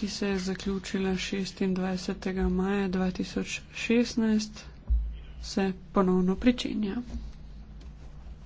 ki se je zaključila 26. maja 2016, se ponovno pričenja.